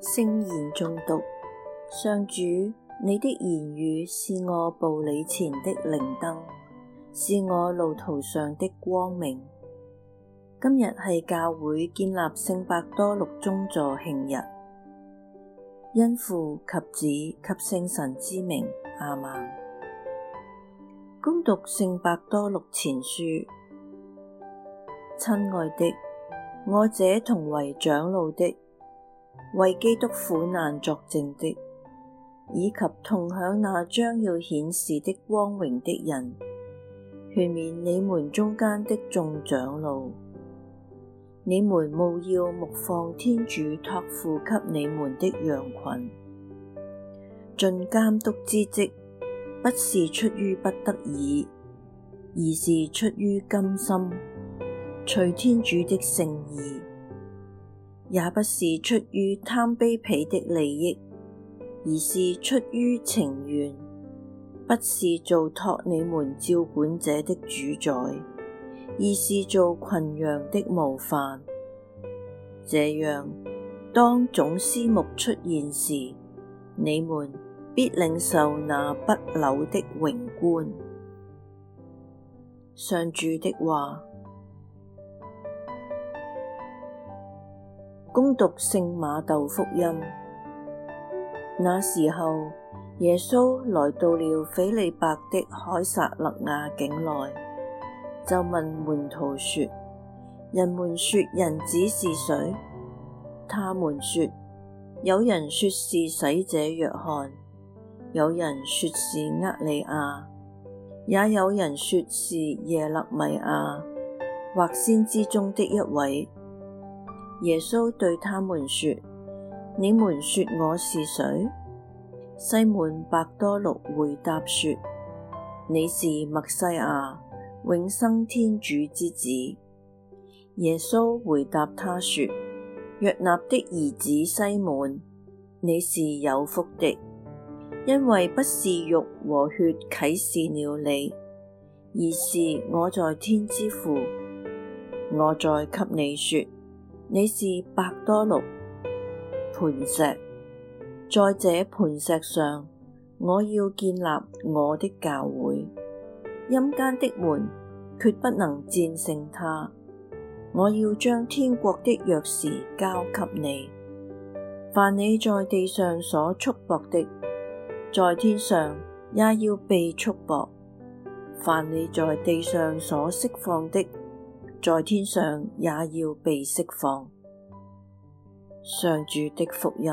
聖言誦讀，上主，你的言語是我步履前的靈燈，是我路途上的光明。今日係教會建立聖伯多祿宗座慶日。因父及子及聖神之名，阿們。恭讀聖伯多祿前書。親愛的，我這同為長老的，為基督苦難作證的，以及同享那將要顯示的光榮的人，勸勉你們中間的眾長老。」你們務要牧放天主托付給你們的羊群，盡監督之職，不是出於不得已，而是出於甘心，隨天主的聖意；也不是出於貪卑鄙的利益，而是出於情願，不是做託你們照管者的主宰。而是做群羊的模範，這樣當總司牧出現時，你們必領受那不朽的榮冠。上主的話，恭讀聖瑪竇福音。那時候，耶穌來到了斐理伯的凱撒勒雅境內。就問門徒說：人們說人子是誰？他們說：有人說是洗者若翰，有人說是厄里亞，也有人說是耶肋米亞或先知中的一位。耶穌對他們說：你們說我是誰？西滿伯多祿回答說：你是默西亞。永生天主之子。耶穌回答他說：約納的兒子西滿，你是有福的，因為不是肉和血啟示了你，而是我在天之父。我再給你說，你是伯多祿磐石，在這磐石上，我要建立我的教會。陰間的門決不能戰勝她。我要將天國的鑰匙交給你。凡你在地上所束縛的，在天上也要被束縛；凡你在地上所釋放的，在天上也要被釋放。上主的福音。